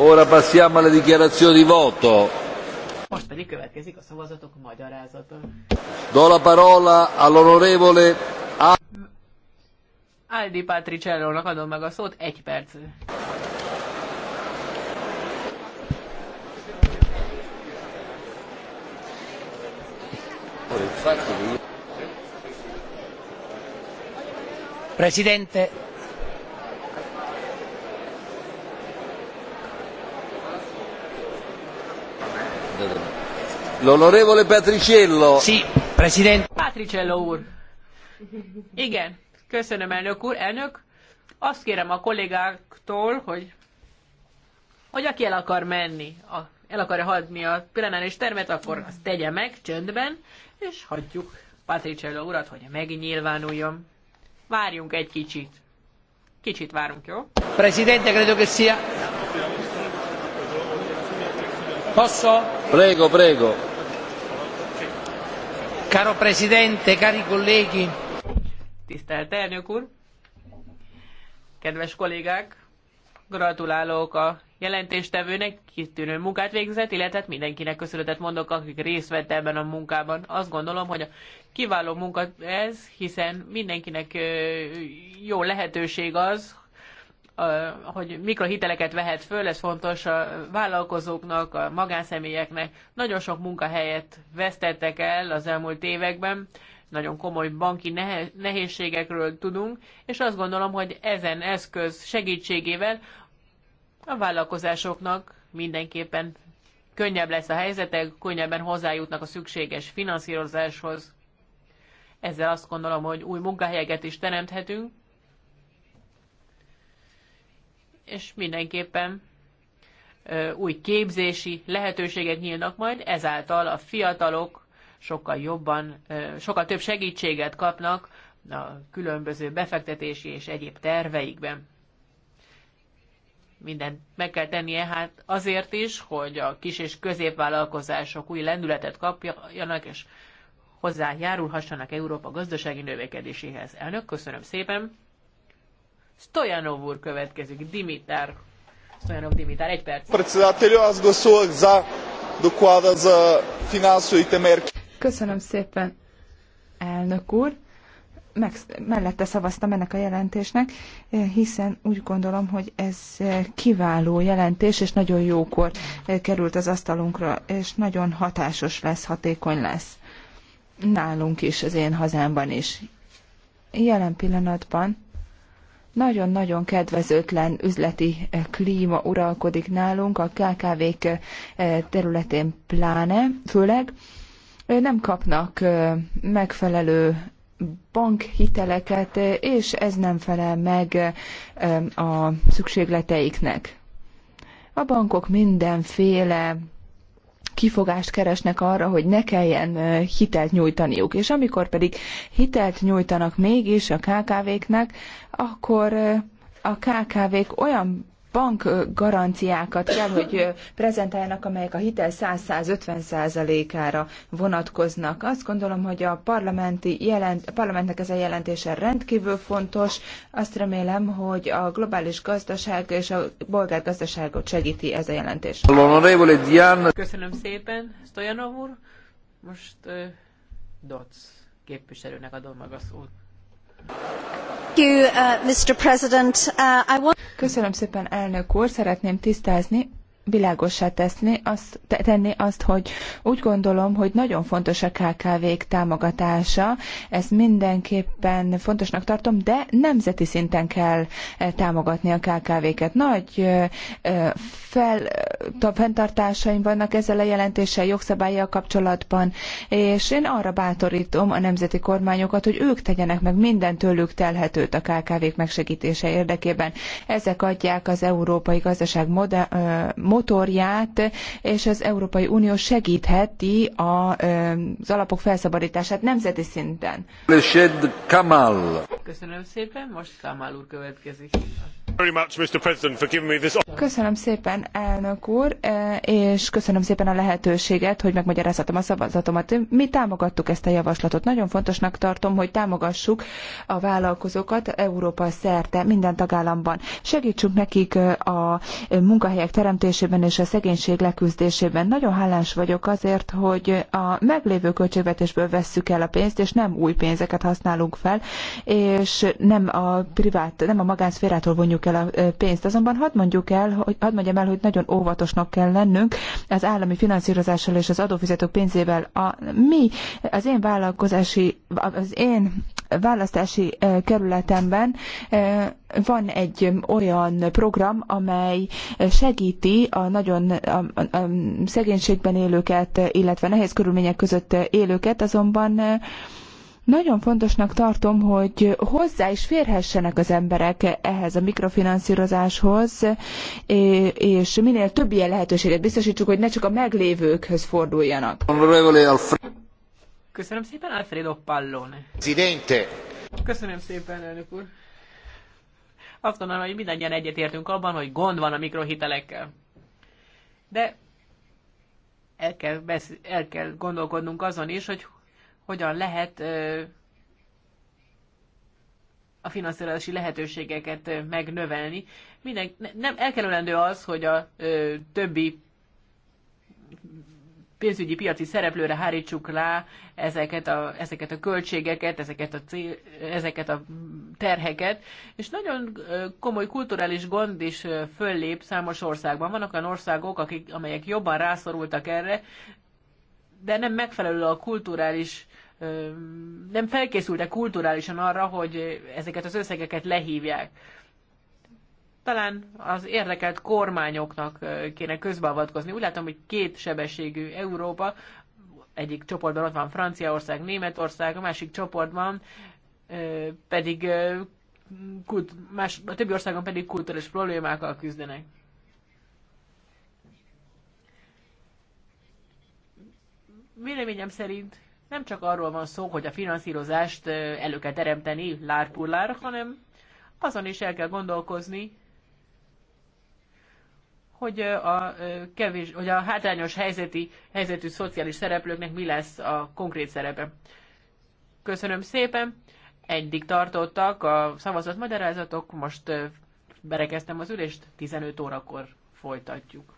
Ora passiamo alle dichiarazioni di voto. Most pedig következik a szavazatok magyarázata. Do la parola all'onorevole Aldi Patricello-nak adom meg a szót, egy perc. Presidente, L'onorevole Patriciello. Sí, Patriciello úr. Igen, köszönöm elnök úr. Elnök, azt kérem a kollégáktól, hogy, hogy aki el akar menni, a, el akarja hagyni a plenáris termet, akkor azt tegye meg csöndben, és hagyjuk Patriciello urat, hogy megnyilvánuljon. Várjunk egy kicsit. Kicsit várunk, jó? Presidente, credo che sia... Posso? Prego, prego. Caro Presidente, cari colleghi! Tisztelt elnök úr! Kedves kollégák! Gratulálok a jelentéstevőnek, kitűnő munkát végzett, illetve hát mindenkinek köszönetet mondok, akik részt vett ebben a munkában. Azt gondolom, hogy a kiváló munka ez, hiszen mindenkinek jó lehetőség az, hogy mikrohiteleket vehet föl, ez fontos a vállalkozóknak, a magánszemélyeknek. Nagyon sok munkahelyet vesztettek el az elmúlt években, nagyon komoly banki nehézségekről tudunk, és azt gondolom, hogy ezen eszköz segítségével a vállalkozásoknak mindenképpen könnyebb lesz a helyzetek, könnyebben hozzájutnak a szükséges finanszírozáshoz. Ezzel azt gondolom, hogy új munkahelyeket is teremthetünk, és mindenképpen új képzési lehetőségek nyílnak majd, ezáltal a fiatalok sokkal jobban, sokkal több segítséget kapnak a különböző befektetési és egyéb terveikben. Mindent meg kell tennie hát azért is, hogy a kis és középvállalkozások új lendületet kapjanak, és hozzájárulhassanak Európa gazdasági növekedéséhez. Elnök, köszönöm szépen! Stojanov úr következik, Dimitár. Stojanov Dimitár, egy perc. Председателю, аз гласувах за доклада за финансовите мерки. Köszönöm szépen, elnök úr. Meg, mellette szavaztam ennek a jelentésnek, hiszen úgy gondolom, hogy ez kiváló jelentés, és nagyon jókor került az asztalunkra, és nagyon hatásos lesz, hatékony lesz. Nálunk is, az én hazámban is. Jelen pillanatban nagyon-nagyon kedvezőtlen üzleti eh, klíma uralkodik nálunk, a KKV-k eh, területén pláne, főleg nem kapnak megfelelő bankhiteleket, és ez nem felel meg a szükségleteiknek. A bankok mindenféle kifogást keresnek arra, hogy ne kelljen hitelt nyújtaniuk. És amikor pedig hitelt nyújtanak mégis a KKV-knek, akkor a KKV-k olyan bank garanciákat kell, hogy prezentáljanak, amelyek a hitel 100-150%-ára vonatkoznak. Azt gondolom, hogy a parlamenti jelent, a parlamentnek ez a jelentése rendkívül fontos. Azt remélem, hogy a globális gazdaság és a bolgár gazdaságot segíti ez a jelentés. Köszönöm szépen, Stojanov úr. Most uh, Doc képviselőnek adom meg a szót. Thank you, uh, Mr. President. Uh, I want Köszönöm szépen, elnök úr. Szeretném tisztázni, világossá teszni, azt, tenni azt, hogy úgy gondolom, hogy nagyon fontos a KKV-k támogatása, ezt mindenképpen fontosnak tartom, de nemzeti szinten kell e, támogatni a KKV-ket. Nagy e, e, fel, fenntartásaim vannak ezzel a jelentéssel, jogszabályjal kapcsolatban, és én arra bátorítom a nemzeti kormányokat, hogy ők tegyenek meg minden tőlük telhetőt a KKV-k megsegítése érdekében. Ezek adják az európai gazdaság modell, motorját, és az Európai Unió segítheti az alapok felszabadítását nemzeti szinten. Kamal. Köszönöm szépen, most Kamal úr következik. Very much, Mr. President, for giving me this Köszönöm szépen, elnök úr, e, és köszönöm szépen a lehetőséget, hogy megmagyarázhatom a szavazatomat. Mi támogattuk ezt a javaslatot. Nagyon fontosnak tartom, hogy támogassuk a vállalkozókat Európa szerte, minden tagállamban. Segítsünk nekik e, a munkahelyek teremtésében és a szegénység leküzdésében. Nagyon hálás vagyok azért, hogy a meglévő költségvetésből vesszük el a pénzt, és nem új pénzeket használunk fel, és nem a privát, nem a magánszférától vonjuk el a e, pénzt. Azonban hadd mondjuk el, el, hogy, hadd mondjam el, hogy nagyon óvatosnak kell lennünk az állami finanszírozással és az adófizetők pénzével. A, mi, az én vállalkozási, az én választási eh, kerületemben eh, van egy olyan program, amely segíti a nagyon a, a, a szegénységben élőket, eh, illetve nehéz körülmények között élőket, azonban nagyon fontosnak tartom, hogy hozzá is férhessenek az emberek ehhez a mikrofinanszírozáshoz, és minél több ilyen lehetőséget biztosítsuk, hogy ne csak a meglévőkhöz forduljanak. Köszönöm szépen, Alfredo Pallone. Presidente. Köszönöm szépen, elnök úr. Azt gondolom, hogy mindannyian egyetértünk abban, hogy gond van a mikrohitelekkel. De el kell, besz- el kell gondolkodnunk azon is, hogy hogyan lehet a finanszírozási lehetőségeket megnövelni. Minden, nem elkerülendő az, hogy a ö, többi pénzügyi piaci szereplőre hárítsuk rá ezeket a, ezeket a költségeket, ezeket a, cél, ezeket a terheket, és nagyon komoly kulturális gond is föllép számos országban. Vannak olyan országok, akik, amelyek jobban rászorultak erre, de nem megfelelő a kulturális nem felkészültek kulturálisan arra, hogy ezeket az összegeket lehívják. Talán az érdekelt kormányoknak kéne közbeavatkozni. Úgy látom, hogy két sebességű Európa, egyik csoportban ott van Franciaország, Németország, a másik csoportban pedig kult, más, a többi országon pedig kulturális problémákkal küzdenek. Véleményem szerint nem csak arról van szó, hogy a finanszírozást elő kell teremteni lárpullár, hanem azon is el kell gondolkozni, hogy a, kevés, hogy a hátrányos helyzeti, helyzetű szociális szereplőknek mi lesz a konkrét szerepe. Köszönöm szépen! Eddig tartottak a szavazatmagyarázatok, most berekeztem az ülést, 15 órakor folytatjuk.